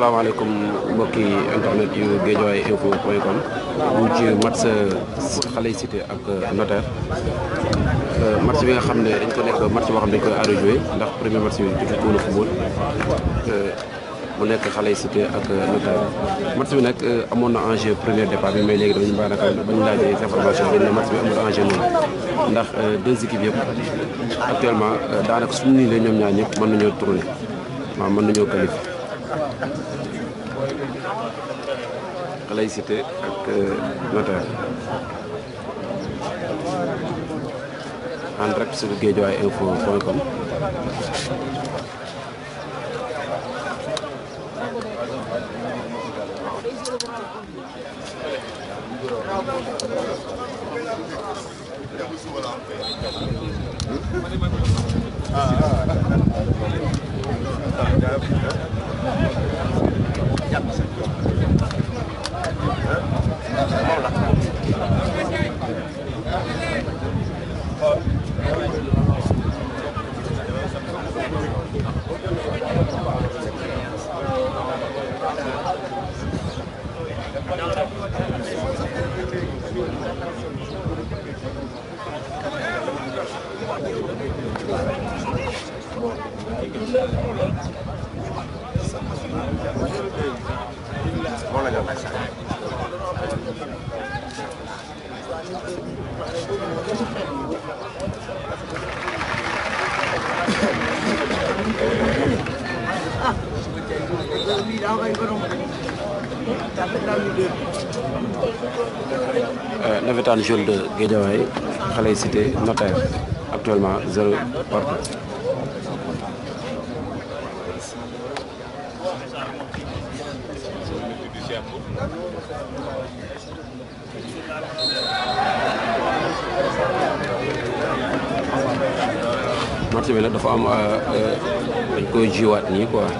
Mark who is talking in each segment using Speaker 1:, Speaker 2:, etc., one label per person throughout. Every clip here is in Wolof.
Speaker 1: asalaamaaleykum mbokki internet yu Guédiawaye info point com match xale yi cité ak notaire euh, match bi nga xam ne dañ ko nekk match xam ne koy arrêté ndax premier match bi dañ ko euh, mu nekk xale yi ak notaire match bi nag euh, amoon na enjeu premier départ bi mais léegi dañu baax nag ba ñu laajee information bi ma match bi amul enjeu noonu ndax deux équipes yëpp actuellement daanaka suñu nii la ñoom ñaar ñëpp mën nañoo tourner waaw mën nañoo qualifier laïcité ak notaire en direct sur info point Ah, ah, ah. nawetaan jeune de Guédiawaye xale cité notaire actuellement zéro partout. match bi nag dafa am euh, euh, koy jiwaat nii quoi.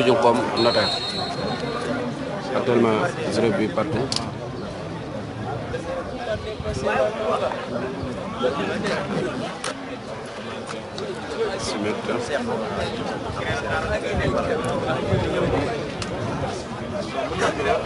Speaker 1: étudiant comme notaire. Actuellement, je vis partout. Merci.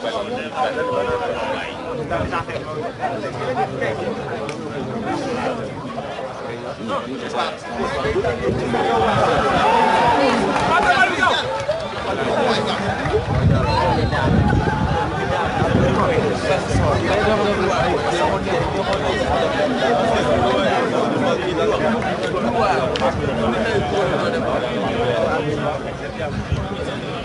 Speaker 1: Wow.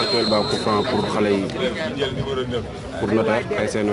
Speaker 1: actuellement pour franc pour xale yi pour notaire ay seen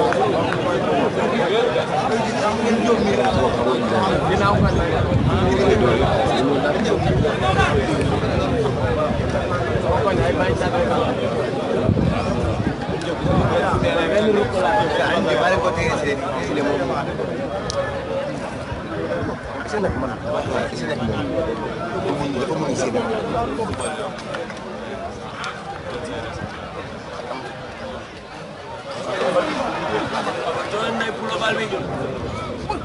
Speaker 1: Tolong naik pulau Balmejun.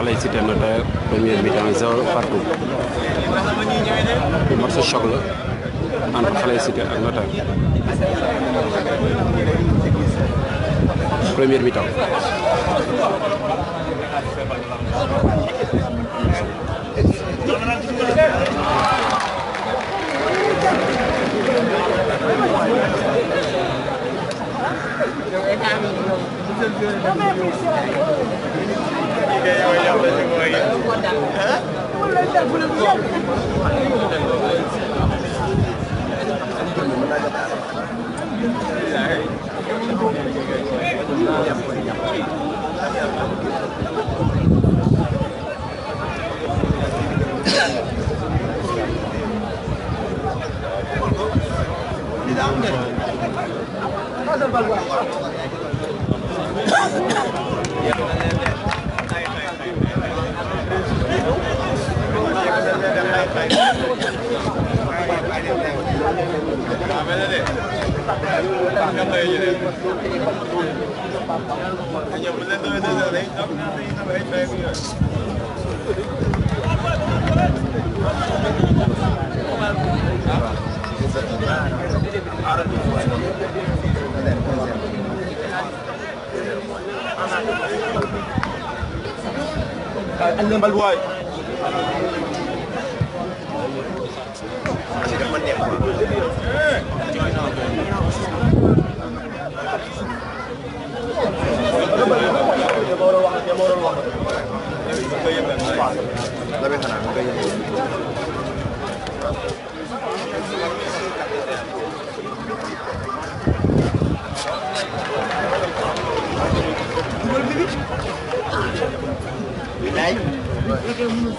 Speaker 1: Allez, c'était notre première mi-temps, partout. bu marché choc la entre xale cité ak notaire première mi-temps Gracias. kê vậy đi bây giờ mình lên tươi tươi rồi đi nó đi nó phải bê bây giờ anh lên bao quay chỉ cần mất đẹp لا بيت انا مبين Thank you.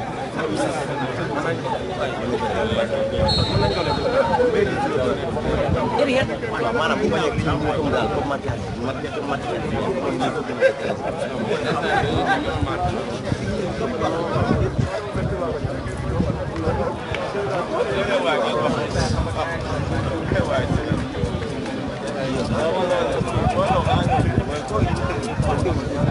Speaker 1: waaw maanaam bu ma nekk ci moom daal comme matériel matériel matériel bi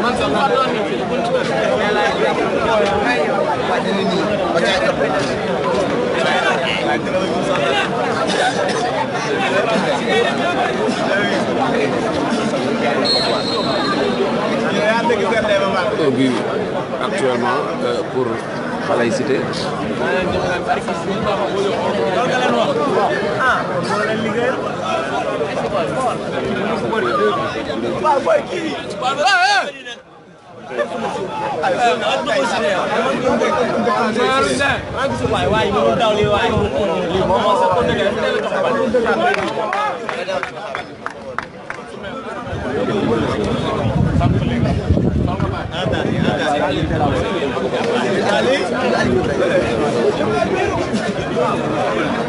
Speaker 1: Mansur Fadlan actuellement, euh, pour laïcité. Ah, waay waay ñu ngi daw lii waay lii moom moo sa ko dëgg Ali Ali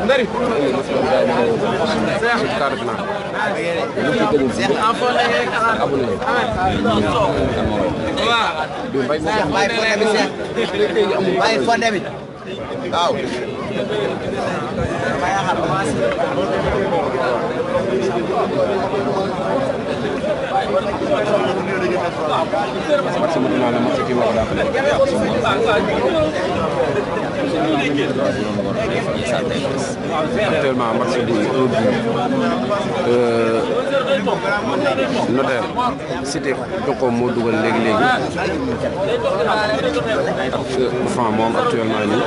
Speaker 1: ndari seex waaw. actuellement match bi un but notaire cité Jokko moo dugal léegi léegi franc moom actuellement nii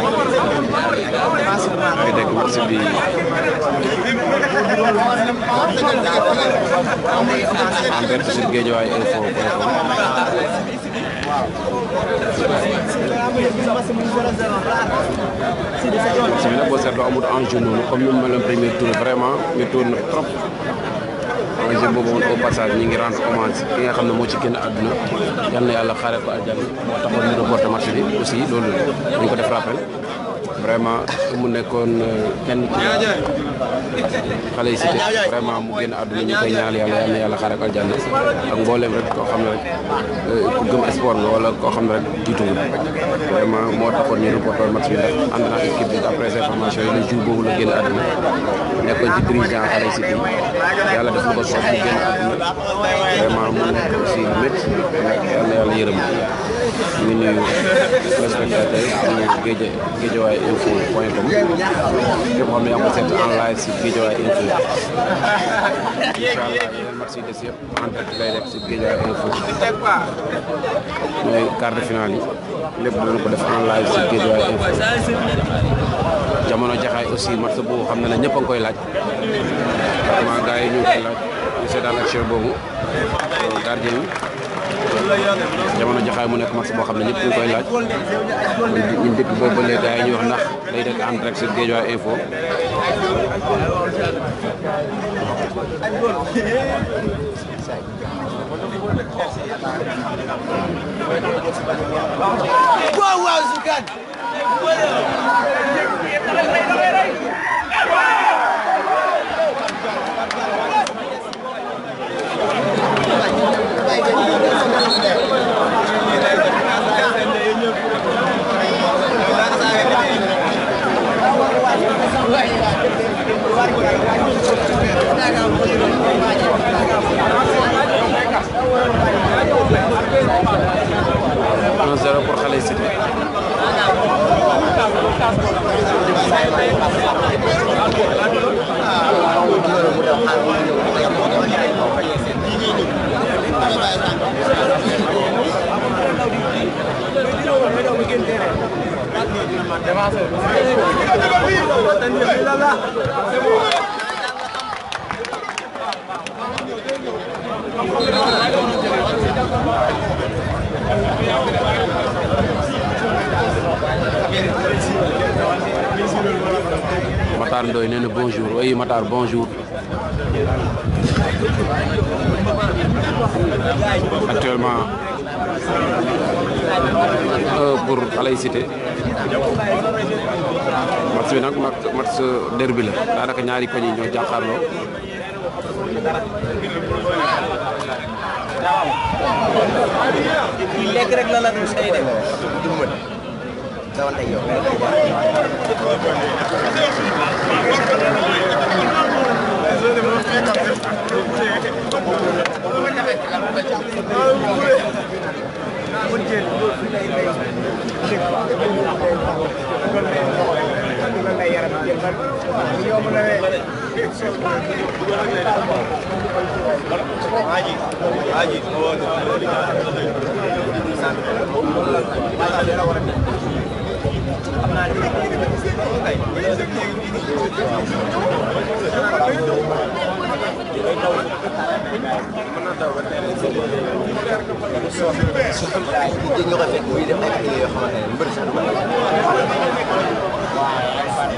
Speaker 1: ay dégg marché bi en direct sur Guédiawaye info si bi nag boo seetloo amul enjeu noonu comme ni mu meloon premier tour vraiment ñu tourne trop projet boobu woon au passage ñi ngi rendre hommage ki nga xam ne moo ci génn àdduna yal na yàlla xaare ko àjjana moo taxoon ñu reporté marché bi aussi loolu dañ ko def rappel vraiment mu nekkoon euh, kenn ci
Speaker 2: xale yi si te vraiment
Speaker 1: mu génn àdduna ñu koy ñaanal yàlla na yàlla xaaral aljanna ak mbooleem rek koo xam ne rek euh, ku gëm sport nga wala koo xam ne rek jiitu nga vraiment moo taxoon ñu reporter match bi ndax ànd naa équipe bi après information yi le jour boobu la génn àdduna nekkoon ci dirigeant xale yi si te yàlla def na ko soog mu génn àdduna vraiment mu nekk aussi lu métti yàlla yërëm ñu nuyu téléspectateurs yi am na géej géejawaay info point com képp xam ne yaa ko yi def si lépp dinañ def en si géejawaay info jamono jaxaay aussi match boobu xam na ne ñëpp a ngi koy laaj vraiment gars yi ñu ngi koy ñu seetaan action boobu gardien jamono jaxaay mu nekk match boo xam ne ñëpp ñu koy laaj ñu ay ñu wax ndax day nekk en direct sur Guédiawaye zéro pour xale si bi Matar Ndoye né? bonjour oui Matar bonjour actuellement euh, pour Aline Cité match bi nag match daanaka ñaari koñ yi ñoo jàkkaarloo lekk rek la la dul say de dawal ak yow am naa ñoo koy fekk muy def ay activité yoo xamante ne mbër sax du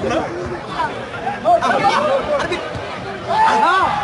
Speaker 1: ko def.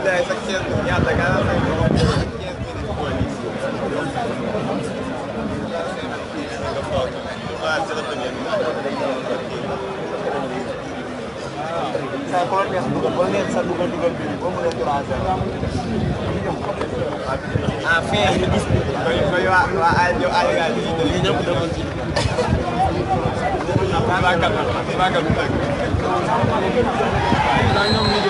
Speaker 1: Bilay esa quinta, cada vez. waaw xoolal neex dugal ba leen sa dugal dugal bi ba mu ne 3 heures. ah fin yi gis nga waa waa Aliou Aliou ñëpp dama ci. ah maa ngi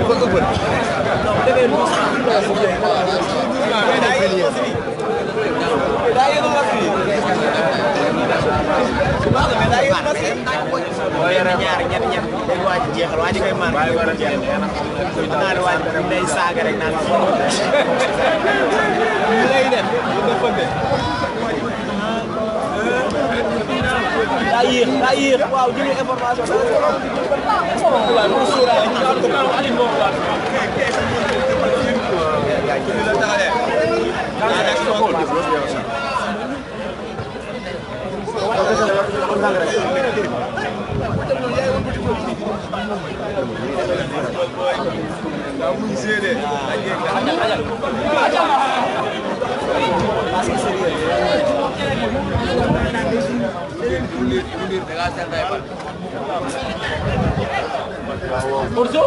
Speaker 1: dafa ëppal. boo yoree ñaar ñett ñett day waaj a jeexal waaj a koy mën. waaye war a jeexal nee na naa ne waaj day saaga rek naan ko. li lay def nga fënde. daa yéex daa yéex waaw jëlee information Gracias, Por you.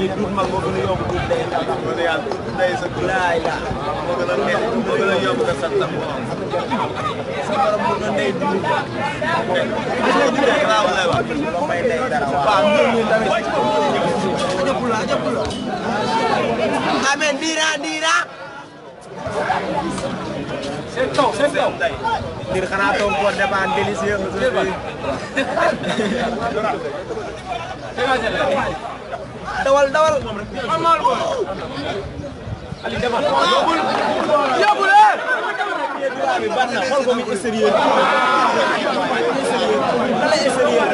Speaker 1: lii duut mag moo gën a yomb duut day ndax sa duut la moo gën a neex moo gën a yomb nga sant ak moom sa borom mën na ndey duut gis nga duutee xanaa wala wax loo may ndey dara waaw mbir mi tamit jëpp la jëpp la amen diira diira seen taw seen taw dawal dawal normal boy ali demal yobul yobul bi baax na xool ko mi extérieur ala extérieur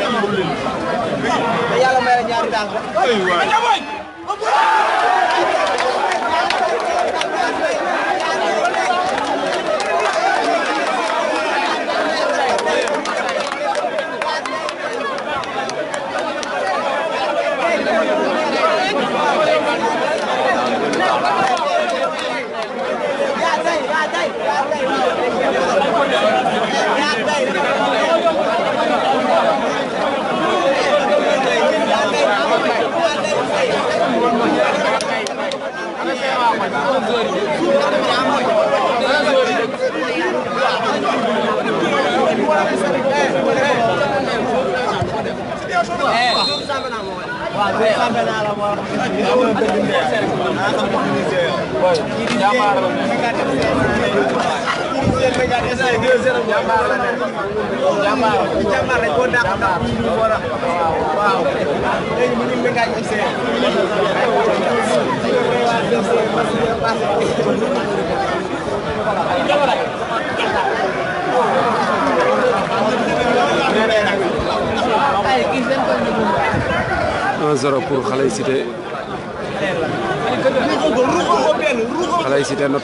Speaker 1: ay waay Jangan 1-0 pour Xaley Cité xalay cité 3e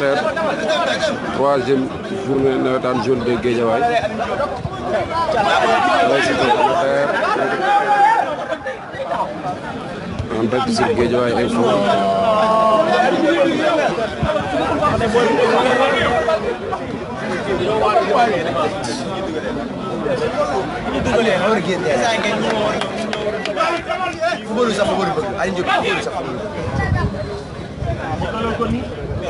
Speaker 1: journée dan zone de Guédiawaye xalay cité notaire en direct sur Guédiawaye info Football ayo a football. I enjoy football is a football.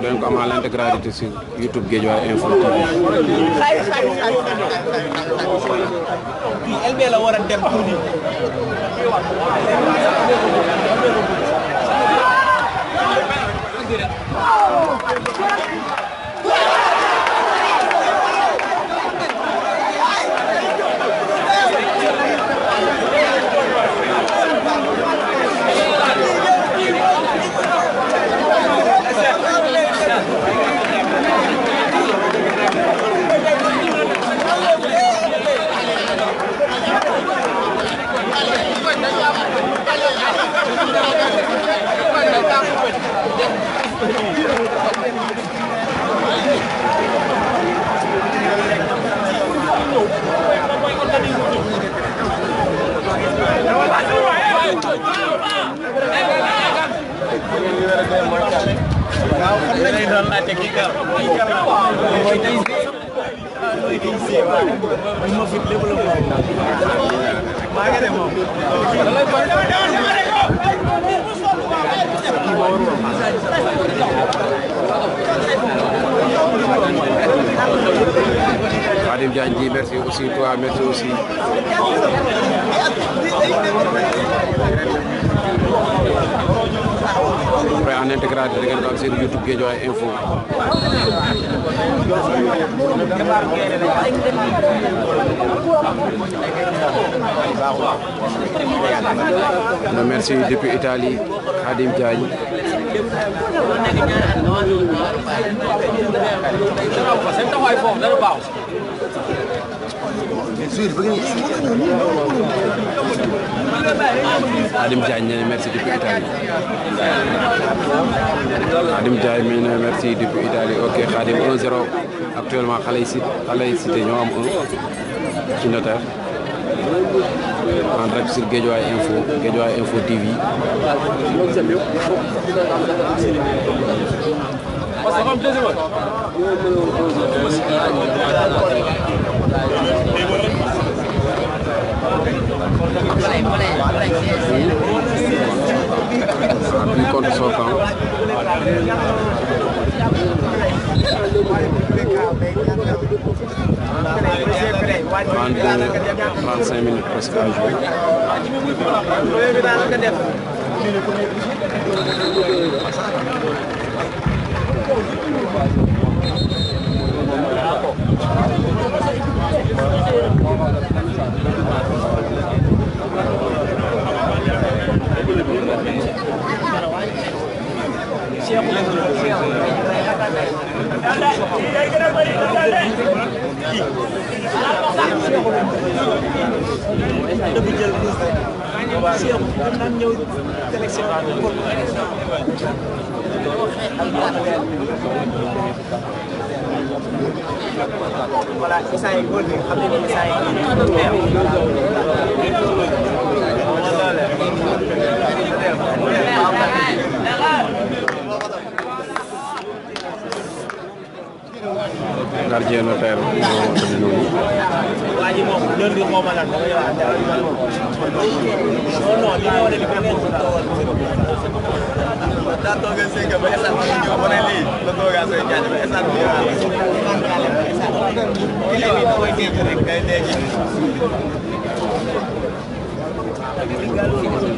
Speaker 1: te dañ ko am en intégralité si YouTube Guédiawaye la war a dem tuuti. Maa ngi dem moom. Khadim Diagne ji merci aussi toi merci aussi en intégralité da ngeen ko am seen YouTube Guédiawaye info. merci depuis Italie Khadim Diagne. Adim Diagne nee na merci depuis Italie Adim Diagne nee na merci depuis Italie ok Khadim 1-0 actuellement xale yi si xale yi ñoo am 1 ci notaire en Info Guédiawaye Info TV. Abrir contra o Socão. Trente-cinq minutos para à jour. Thank you. voilà Issa yi góor gi xam nañ ne Issa yi gardien notaire Thank you.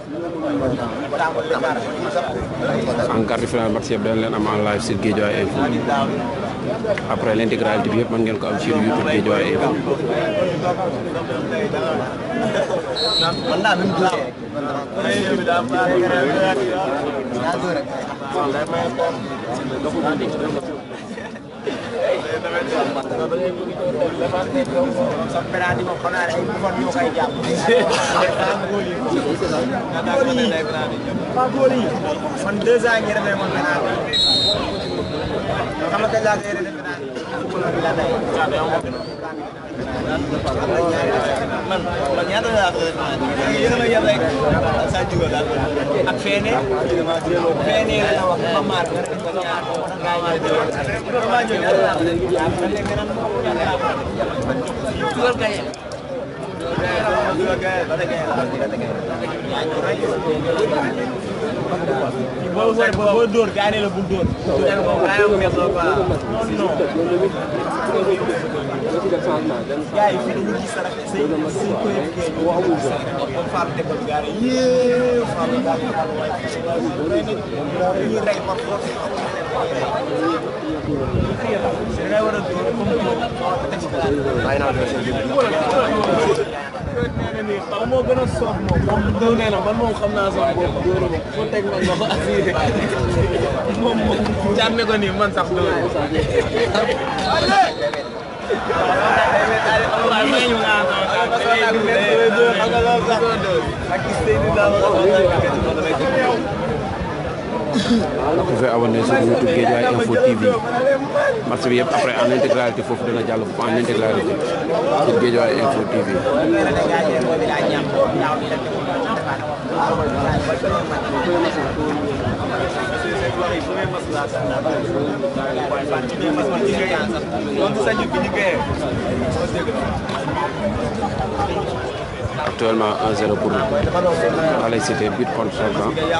Speaker 1: en quart de finale match leen am en live sur Guédiawaye Info après l'intégralité bi yëpp mën ngeen ko am sur YouTube Guédiawaye Info. Thank you. man deux ans Man, man yéen a yem rek Sadio Guys, ele disse que era é 150 né? ou algo Eu falo de lugar aí, eu falo da minha mão, eu falo da minha mão, Vai na né? waaw moo gën a sox moom moom dëgg nee na man moom xam naa sama bopp góor moom foo teg man ma ko assuré moom moom jaar ne ko nii man sax dëgg la. nga ko fee abonné sur YouTube Guédiawaye Info TV match bi yëpp après en intégralité foofu dana jàll en intégralité sur Guédiawaye Info TV. actuellement 1-0 pour Alay Cité but contre Soldats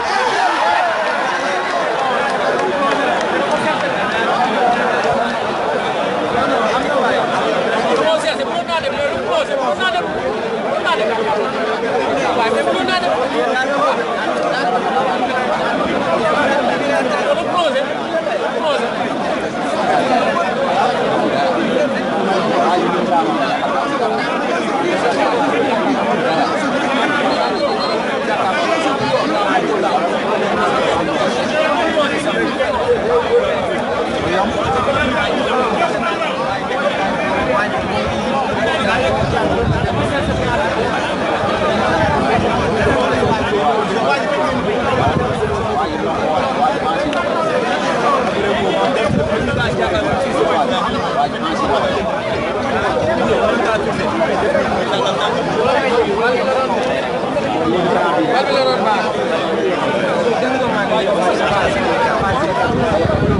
Speaker 1: Gracias. Back.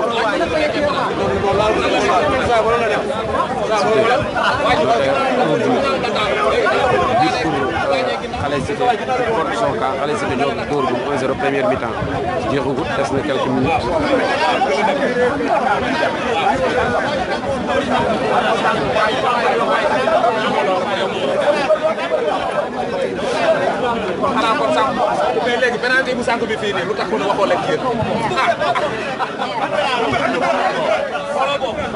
Speaker 1: xale cité production ka xale cité ñoo dóor bu 1-0 première mi-temps jeexagut des na quelques minutes xanaa kon sànq mais léegi beneen bi bu sànq bi fii nii lu tax ko waxoo leen kii ah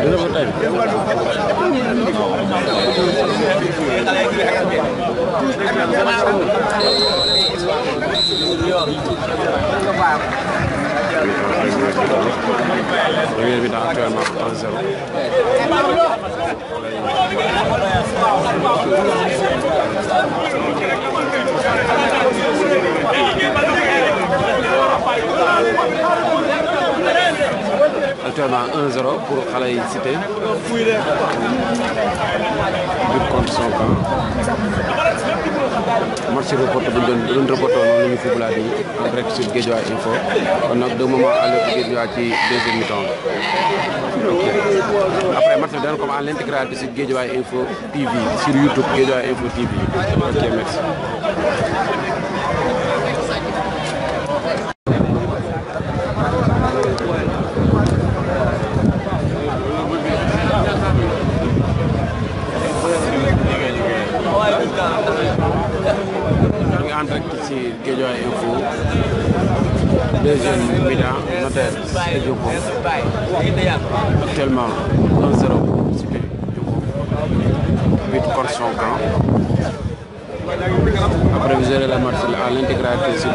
Speaker 1: Revier bi actuellement 1 actuellement 1-0 pour yi Cité but contre son camp match reporté bu ñu doon yi en direct sur Guédiawaye Info kon nag de moment à l'heure ci deuxième mi-temps après match bi daan ko en l'intégralité sur Info TV sur YouTube Guédiawaye Info TV ok merci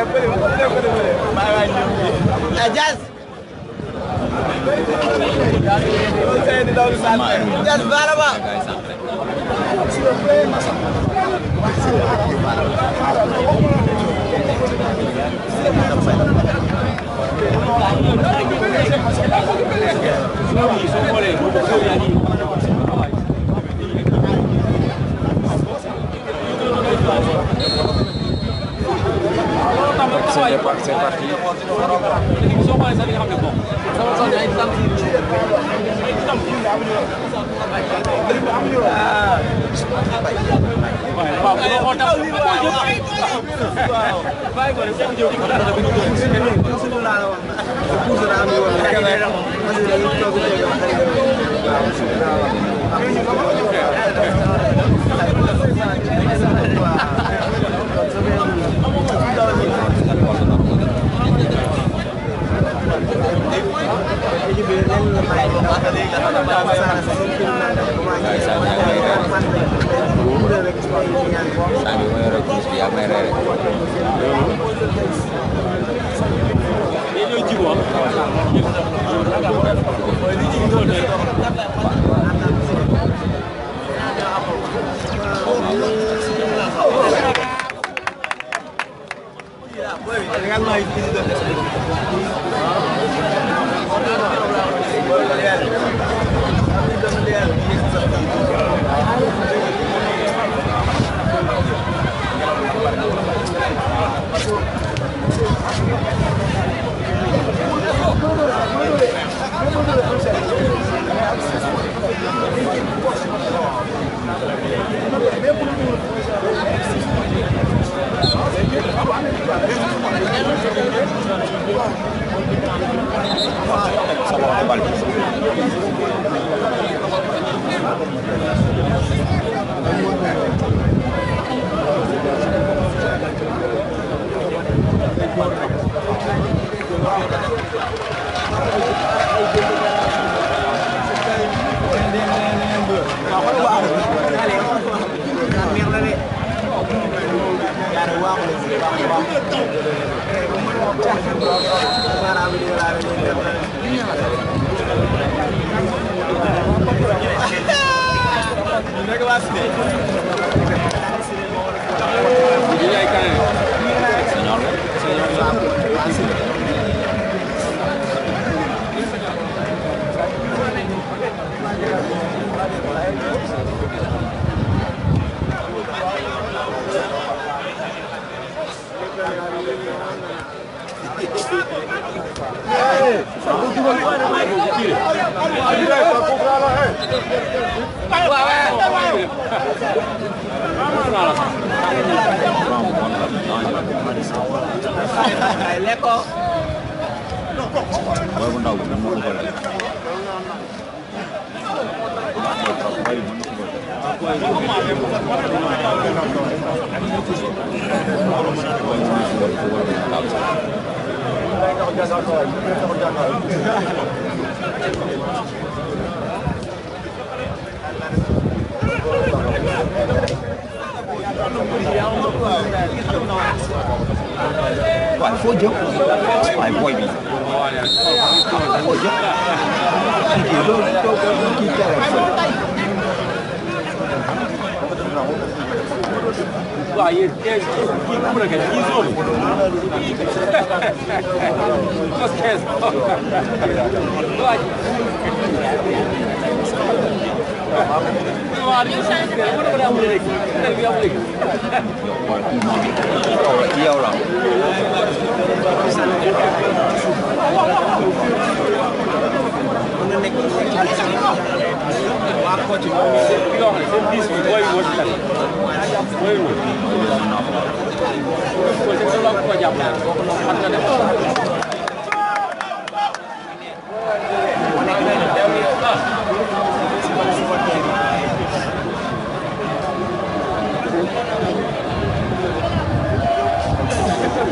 Speaker 1: Jas. Jas baara ma. Thank you. c'est parti. jadi biarkan Dengan main pindah. Thank you.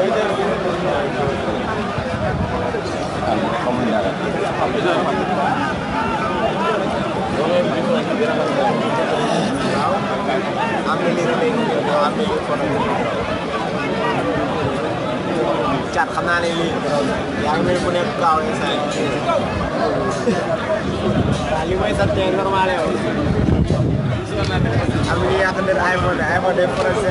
Speaker 1: จัดคำนาในลียังเป็นคนเดียวเก่าเลยใส่ตาลิไม่สัดเจนเข้ามาเล้ว আমি আপনাদের আইফোন আইফোনে পড়েছে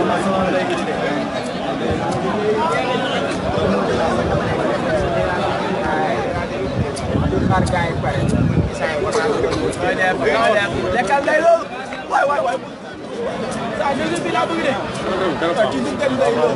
Speaker 1: আমাদের xaar gars yi pare. lekkal day lool waay waay waay. saa dégg bi laa bëgg de. waaw ci dugub day lool.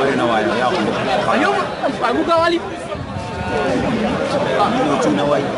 Speaker 1: bëri na waaye yaa ko. waaw yow ah Bouga Waly. ah ñoo tuuna waay.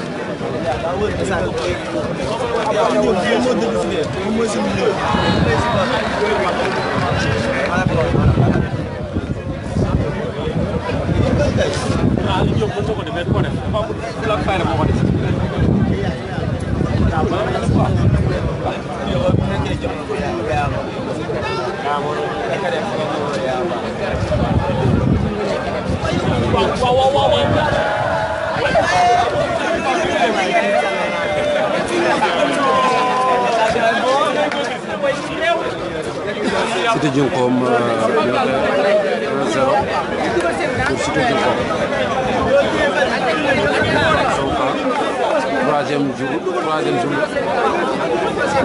Speaker 1: Whoa, whoa, whoa,
Speaker 2: whoa.
Speaker 1: Cité Diokom euh, 1-0 pour Cité Diokom. Troisième jour, troisième jour,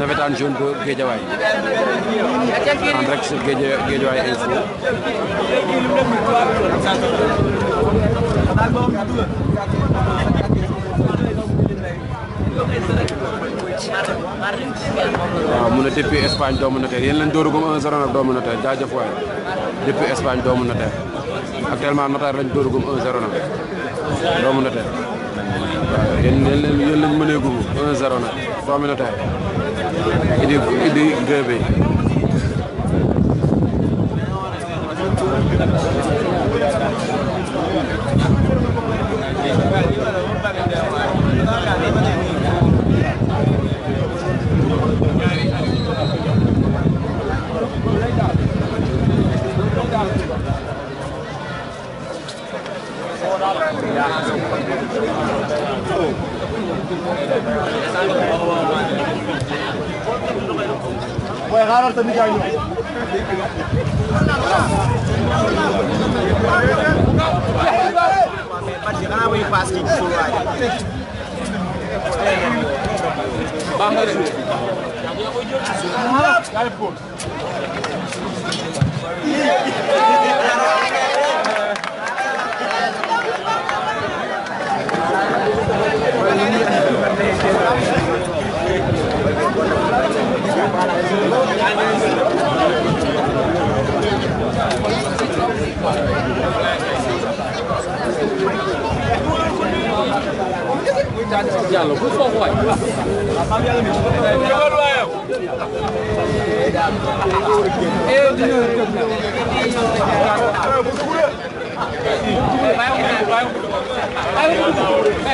Speaker 1: navétane jaune bu Guédiawaye. En direct sur Guédiawaye Info. waaw mu ne depuis Espagne doomu notaire yéen leen dóoragum 1-0 nag doomu notaire jaajëf waay depuis Espagne doomu notaire actuellement notaire lañ dóoragum 1-0 nag doomu notaire waaw yéen yéen leen yéen leen mëneegum 1-0 nag doomu idi idi Guèye 下一位 Diallo bu foofu waay.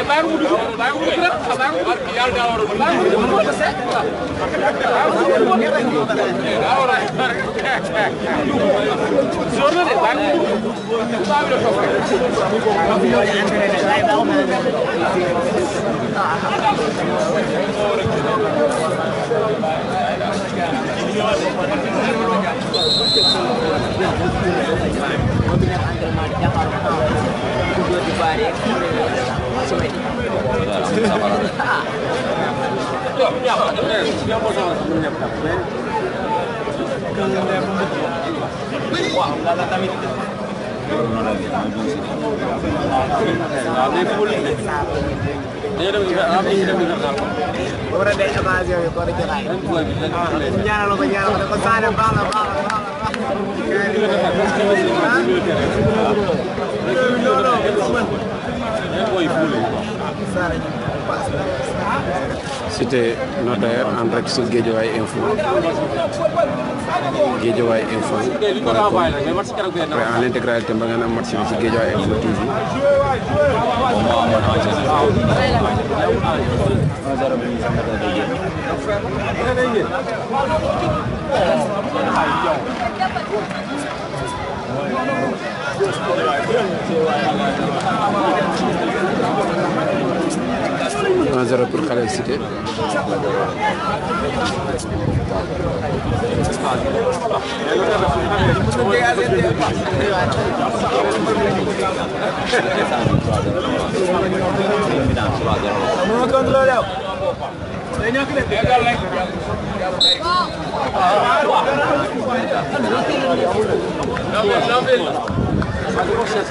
Speaker 1: Bayangmu dulu, bayangmu dulu. Wah, enggak ada tapi tá ورا بيع مازي ويقول رجل عين جانا لو بجانا لو بصانا بالا بالا بالا cité notaire en direct sur Info Guédiawaye Info en l'intégralité ba ngeen am match bi Info TV lá. 1 0 pour Khaled Cité. Não, não, não, não.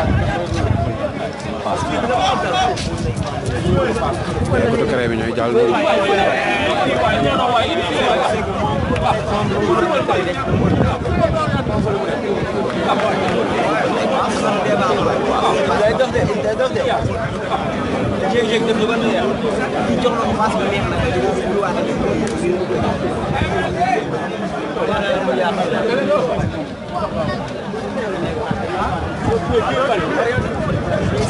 Speaker 1: moto craie bi ñooy jàll noonu. Thank you.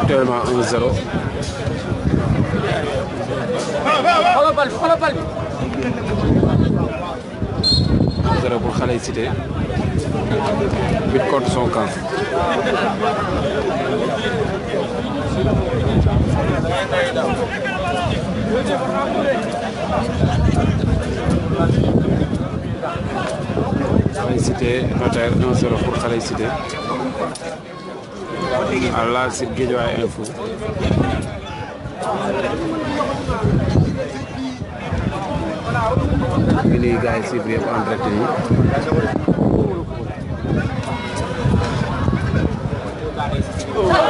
Speaker 1: Actuellement 1-0. xoolal bal bi xoolal bal bi. 1-0 pour xale yi cité. 8 contre son camp. cité notaire 1 0 pour xale cité allah si Guédiawaye info ñu nuyu gars yi suivre yëpp en direct yi Oh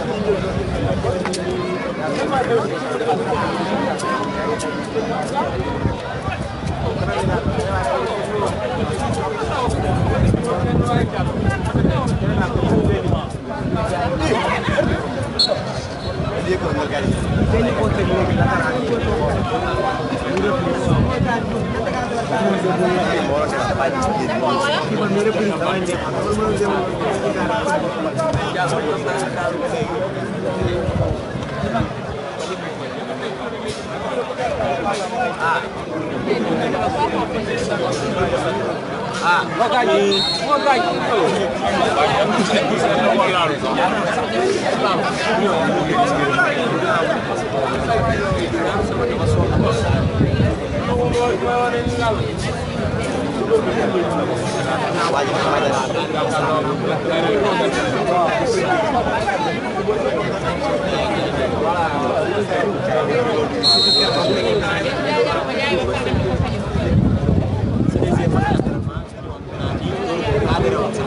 Speaker 1: Gracias. Ah, what a r y o h a t a you?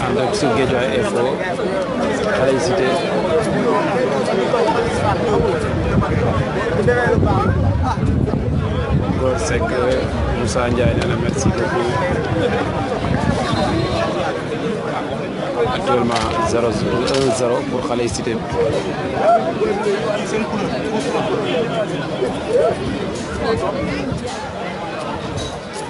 Speaker 1: عندك سوق جاي اي 4 هذا سيتي غور سك موسى نجاي انا ميرسي بوكو actuellement 0 0 pour Khalay Cité.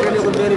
Speaker 1: ko bere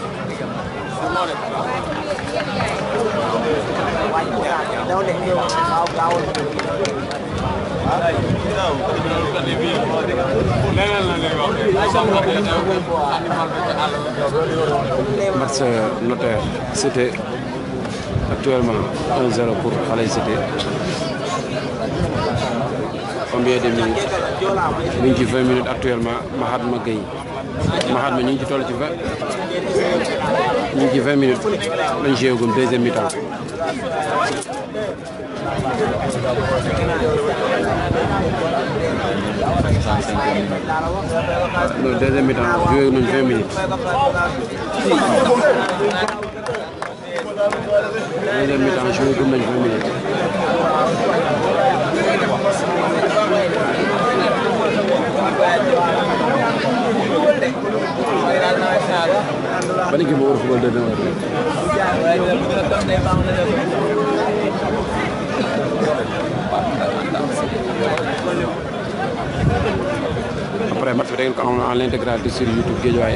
Speaker 1: Match notaire, c'était actuellement 1-0 pour Palais Cité. Combien de minutes Nous 20 minutes actuellement. Mahatma Gueye. Mahatma, nous avons 20 minutes. ñu ngi ci 20 minutes lañ joué gum deuxième mi-temps. non deuxième mi-temps joué nañ 20 minutes. deuxième mi-temps joué gum nañ 20 minutes. पानी मोर्फ बोल रहे अपने online graphic YouTube के जो आए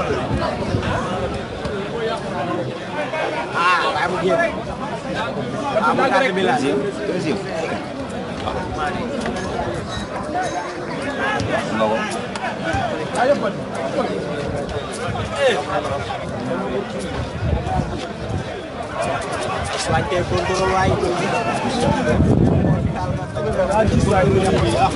Speaker 1: ah waaye mu jéem ah mu gàtt bi laaj deuxième waaw. wàcce contrôle waay ah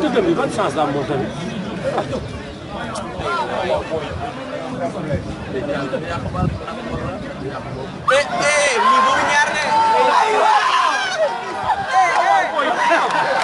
Speaker 1: Tudo bem, quantas chances Eh, eh, libur nyarne. Eh, eh.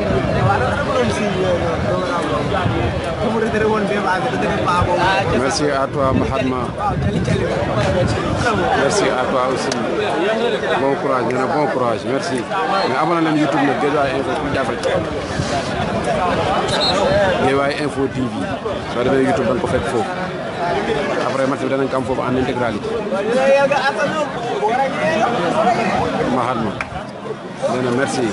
Speaker 1: Merci à toi, Merci à toi aussi. Bon courage, merci. Mais abonné leen YouTube nag Guédiawaye Info pour jàppale ci. Info TV soo demee YouTube da nga ko fekk foofu. Après match bi danañ ko foofu en intégralité. Mahatma merci.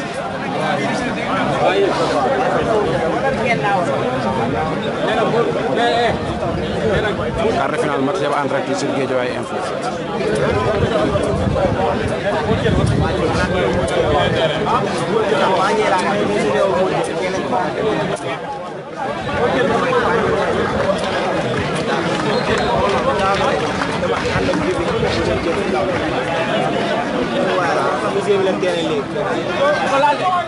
Speaker 1: quart de finale match en direct sur Guédiawaye Info. Thank you.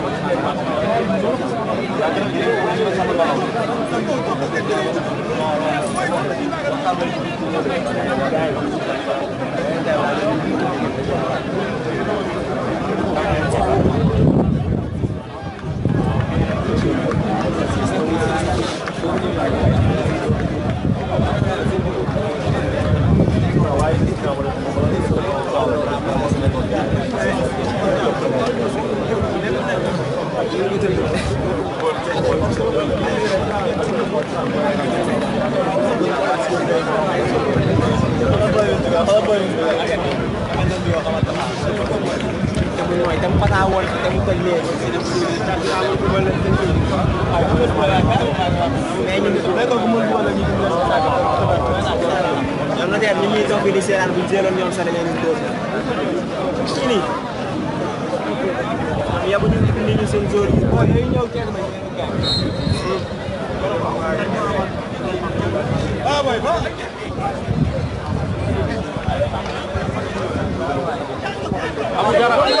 Speaker 1: Gracias. seeraan bu jëloon ñoom sax dañoo ñu dóor kii nii yabu ñu nit ñi seen zone yi boo yooyu ñëw kenn bañ leen gaañ waaw ah, waaw amul dara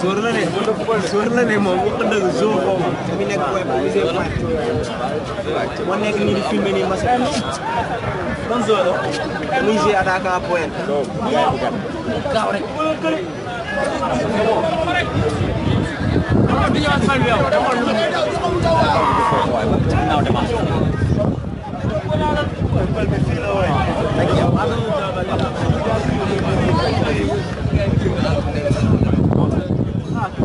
Speaker 1: sóor la ne sóor la ne moom wax dëgg zone boobu mi nekk web musée parc moo nekk nii di filmé nii Massa ban zone la musée Adaka Point gaaw rek Thank you.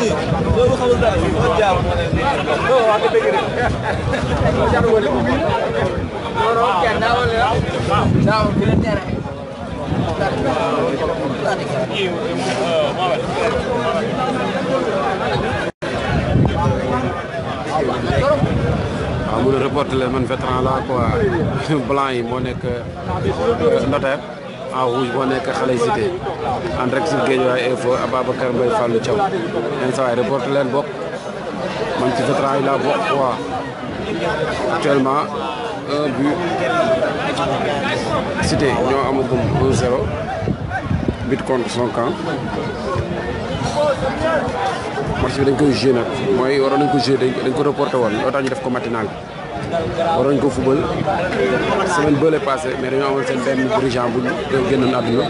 Speaker 1: waaw mu ne reporter la man vétéran la quoi blanc yi moo nekk euh, notaire en ah rouge boo nekk xale cité en direct sur Guédiawaye Info Ababacar Mbaye Fallou Thiaw leen saa waay reporté leen bokk man ci vétéran yi laa bokk waa actuellement un but ñoo amagum 1-0 but contre son camp match bi dañ koy joué nag mooy waroon nañ ko joué dañ ko reporté woon loo tax ñu def ko matinal waroon ko fubal semaine bële passé mais dañoo amoon seen benn dirigeant bu génnoon àdduna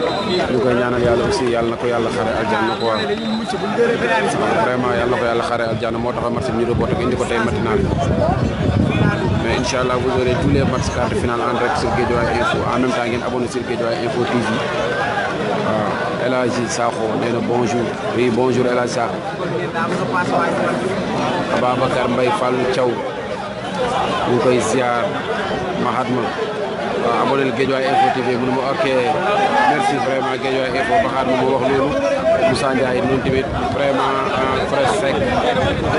Speaker 1: ñu koy ñaanal yàlla aussi yàlla na ko yàlla xare aljanna quoi vraiment yàlla na ko yàlla xare aljanna moo tax match mi ñu reporté ko indi ko matinal mais incha allah vous aurez tous les matchs quart de finale en direct sur Guédiawaye Info en même temps ngeen waaw El Hadji Sakho nee na bonjour oui bonjour El Hadji Sakho Ababacar Mbaye Fallou Thiaw ñu ngi koy ziar Mahatma waaw aboneel Guédiawaye Info TV mu ne mu ok merci vraiment Guédiawaye Info Mahatma mu wax loolu Moussa Ndiaye noonu tamit vraiment presse sec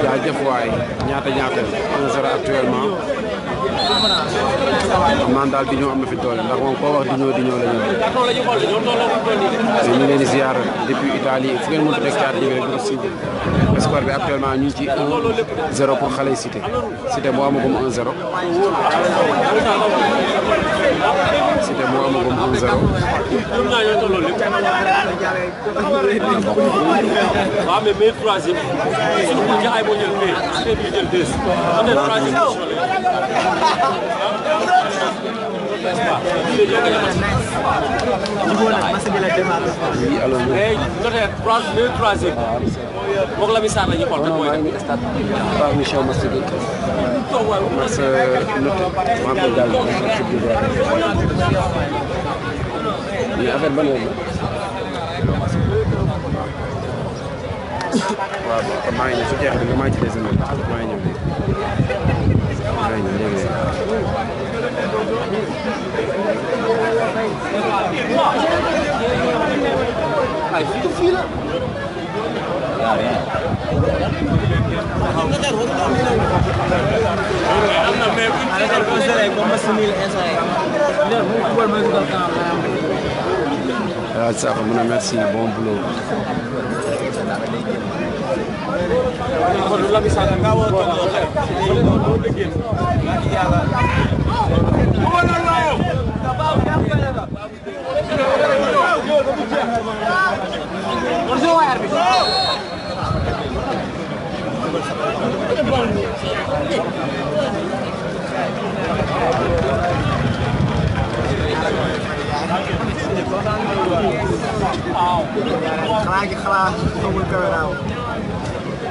Speaker 1: jaajëf waay ñaata ñaata on sera actuellement xam naa daal di ñëw am na fi doole ndax moom koo wax di ñëw di ñëw la ñu ñu ngi leen di ziar depuis Italie fu ngeen mën a teg caat ñu ngi leen di def si score bi actuellement ñu ngi ci 1-0 pour xale cité cité moo amagum 1-0. cité moo amagum 1-0. waaw mais mais troisième suñu jaay boo jël fee. jël deux. Oui, allô. Eh, peut-être 3 2 3 Moom la mi sa nañu porte mooy. Par mission Masjid. Parce que membre daal ni affaire ban la. Waaw, maa ngi ñëw su jeex bi nga maa ngi ci des semaines. Maa ngi ñëw. cara ainda, né, Aí fica fila. Ah, ça, merci, bon boulot. Fethullah Gulen Sall nga woo toog loo xam ne Graag je graag, kom ik er wel.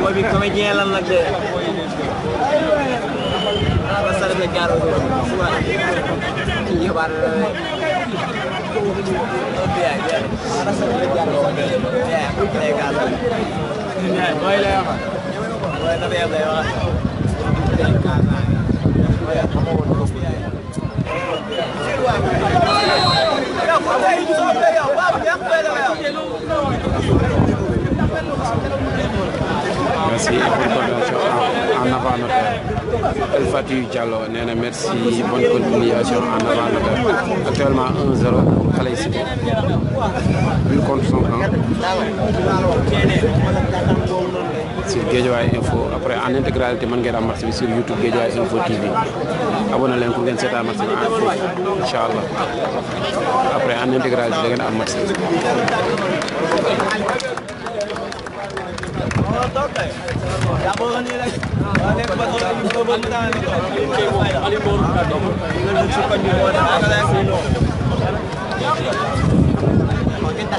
Speaker 1: booy bi comédien lan nag de ba sare be jaaroo suwa ci xibaar Thank you. merci et bonne continuation en, na merci bonne continuation en avant notre actuellement 1-0 pour xale yi si sur Guédiawaye Info après en intégralité mën ngeen am match bi sur YouTube Guédiawaye Info TV abonné leen pour ngeen seetaan match bi en allah après en ngeen am match bi. tayo. Labahan nila. Ano ba ito? Ibabang mo tayo nito. Alibor na ito. Nagsukan nyo. Sino? Maganda. Maganda.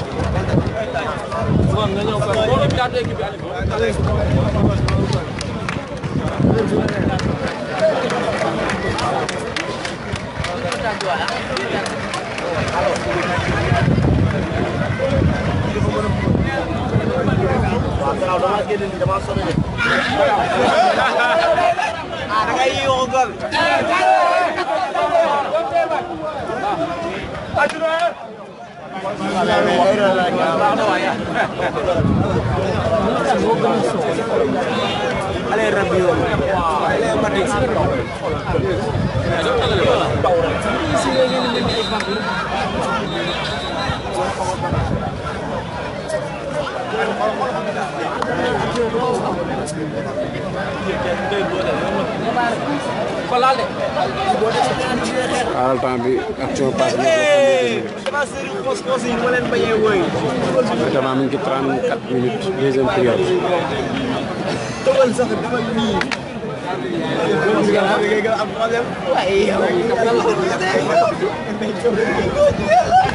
Speaker 1: Buang ganyan ako. Buang ganyan ako. Buang ganyan ako. Buang ganyan ako. Allez, Rabio. Allez, Matrix. Thank you. al temps bi action passée noonu. mi ngi ci 34 minutes deuxième période.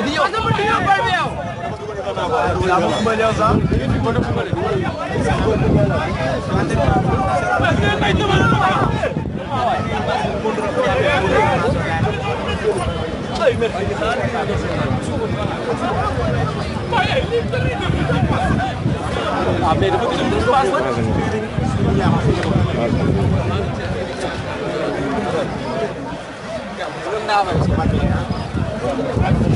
Speaker 1: di ñëw. Thank you.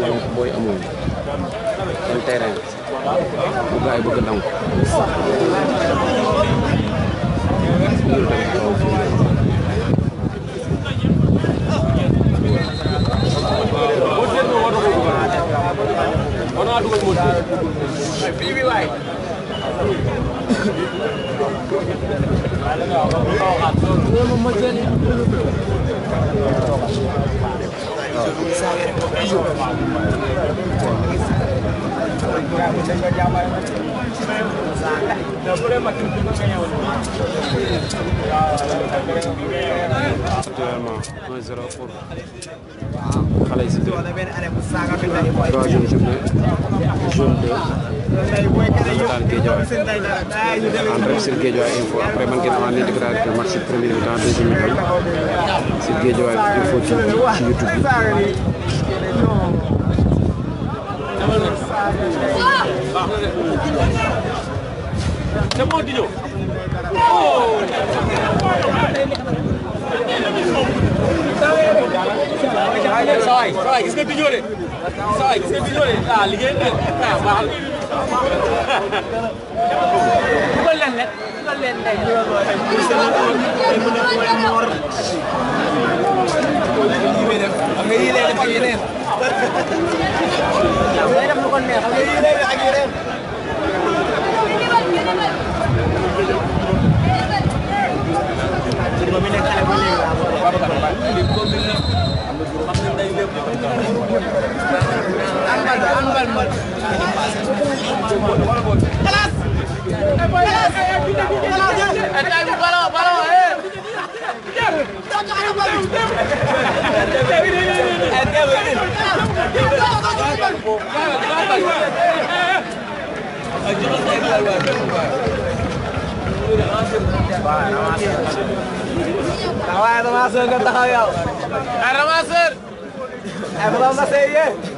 Speaker 1: donc booy amul seen terrain bu gars yi bëgg a nangu maa dugal Modou Lo fii bi waay actuellement 1-0 pour xale yi si jeune de daal Guédiawaye en bref sur Guédiawaye info après man ngeen amaat l'intégralité match premier mi-temps deuxième mi-temps sur Guédiawaye info ci ci YouTube bi. gis nga saa yi seen vision yi ah liggéey de ah baax na leen rek dugal leen rek. nga yii lay def ak yeneen. day def lu ko neex nga yii lay def ak yeneen. Thank you. Trabalha, Macer, que tá raiado. Era, Macer! É pra onde você ia?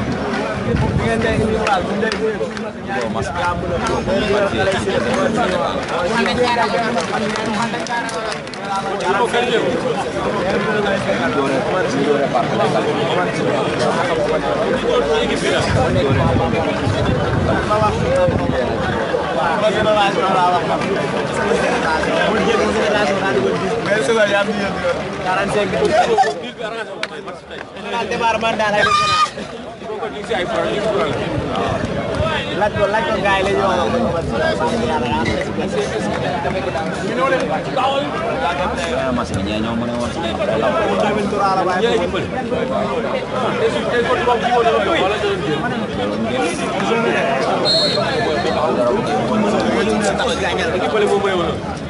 Speaker 1: Gracias. laaj ko laaj ko gars yi la ñu wax mas bi ñoo mën a woon si ñoom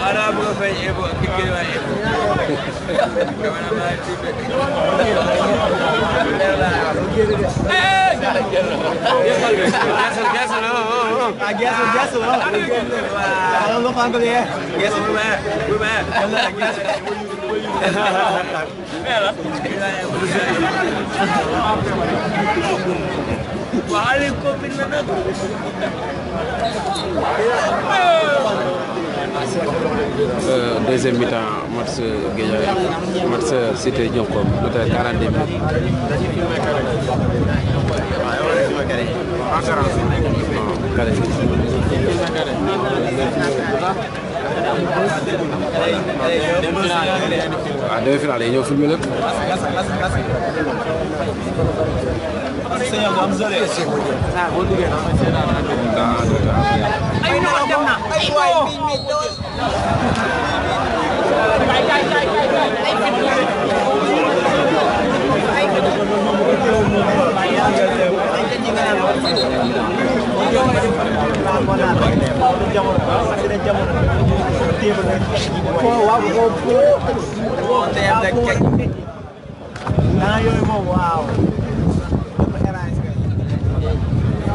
Speaker 1: Ahora voy Ya hacer Evo, ಬಾಳಿ ಕೋಪಿಲ್ಲ deuxième mi-temps match Guédiawaye match Cité Diokob ba tey 40 minutes. waaw demi-finale yi ñoo filmé segna Gamza leo. Ah, vuol dire che non c'è la raccontata. Aiuto, andiamo una. Aiuto. Dai, dai, dai, dai, dai. Wow, wow, wow. Now you're more wow.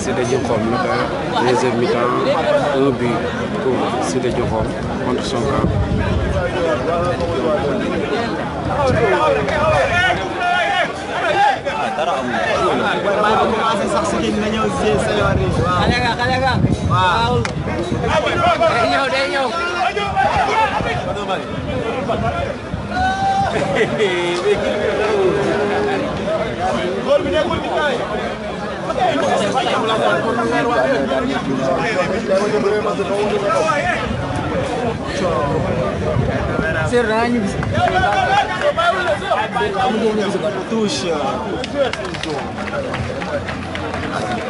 Speaker 1: Cité Diokhom Lucas euh, deuxième mi-temps un but pour Cité Diokhom contre son dara amul waaw bu commencé sax si kii dina ñëw si senior xale nga xale nga waaw day Gol bine, gol bine ai! Serrânio. Tuxa.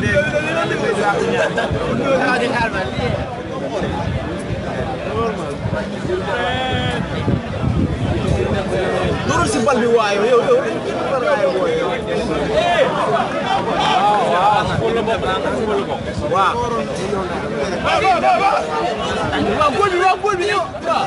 Speaker 1: Non si Hadi Ermen. Durursun bal bir vay. Yo yo. Wah. Wah, wah, wah. Wah, gol, wah, gol, yo. Wah.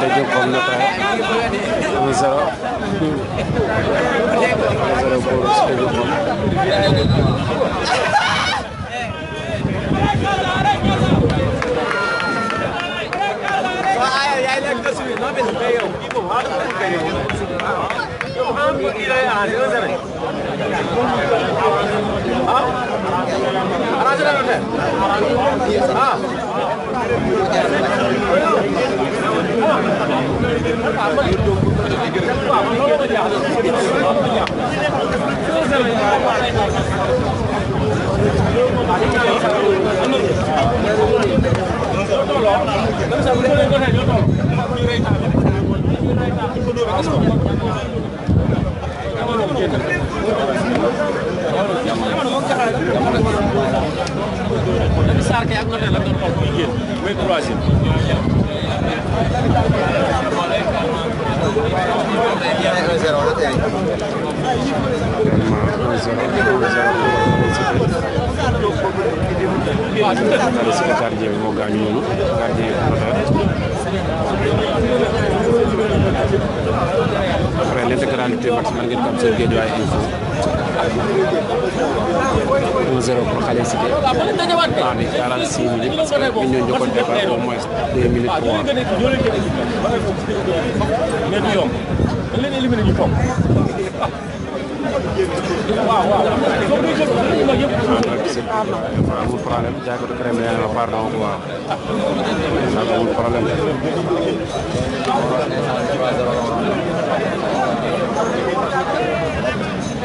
Speaker 1: बेटे जो घूमने का है हमें ज़रा ज़रा ऊपर उसके जो हाँ Sarké ak Notel la doon toog muy génn muy troisième gardien bi moo gaañu noonu gardien après l'intégralité Max man ngeen ko am seen Guédiawaye info un zéro pour Khalil Cissé temps bi 46 minutes parce que ñun ñoo njëkkoon départ au moins 2 minutes 3 mais du yomb dañ leen éliminer ñu toog waaw waaw amul problème jaagatu crème nee na pardon waaw amul problème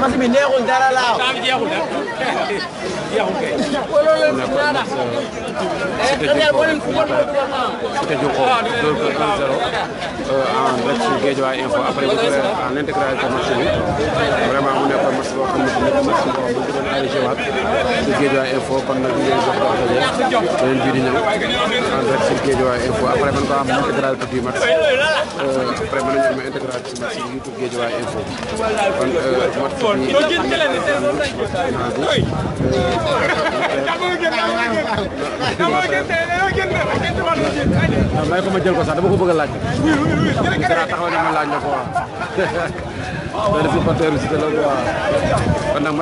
Speaker 1: Más mineiro dara lá. la. Ya okay. Cité Diouf Cité Diouf door ko 1-0 en direct sur Guédiawaye Info après bu paree en intégralité match bi vraiment mu nekkoon match boo xam ne bu nekk match boo xam ne bu doon arrangé waat ci Guédiawaye Info kon nag ñu ngi jox ko daje beneen bii di ñëw en direct sur Guédiawaye Info après mën ko am intégralité du match après mën nañu am intégralité ci match bi YouTube Guédiawaye Info kon match bi may ko ma jël ko sax dama ko bëgg a laaj. dara taxaw na ma laaj na ko waaw. loolu supporter bi si te loolu waaw. kon am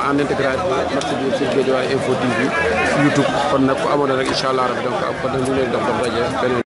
Speaker 1: en intégral match bi sur Guédiawaye Info TV YouTube kon nag ku amoon rek incha allah donc kon nag ñu dox dox